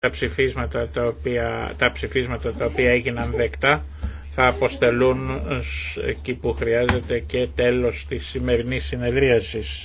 τα ψηφίσματα τα οποία, τα τα έγιναν δεκτά θα αποστελούν εκεί που χρειάζεται και τέλος της σημερινής συνεδρίασης.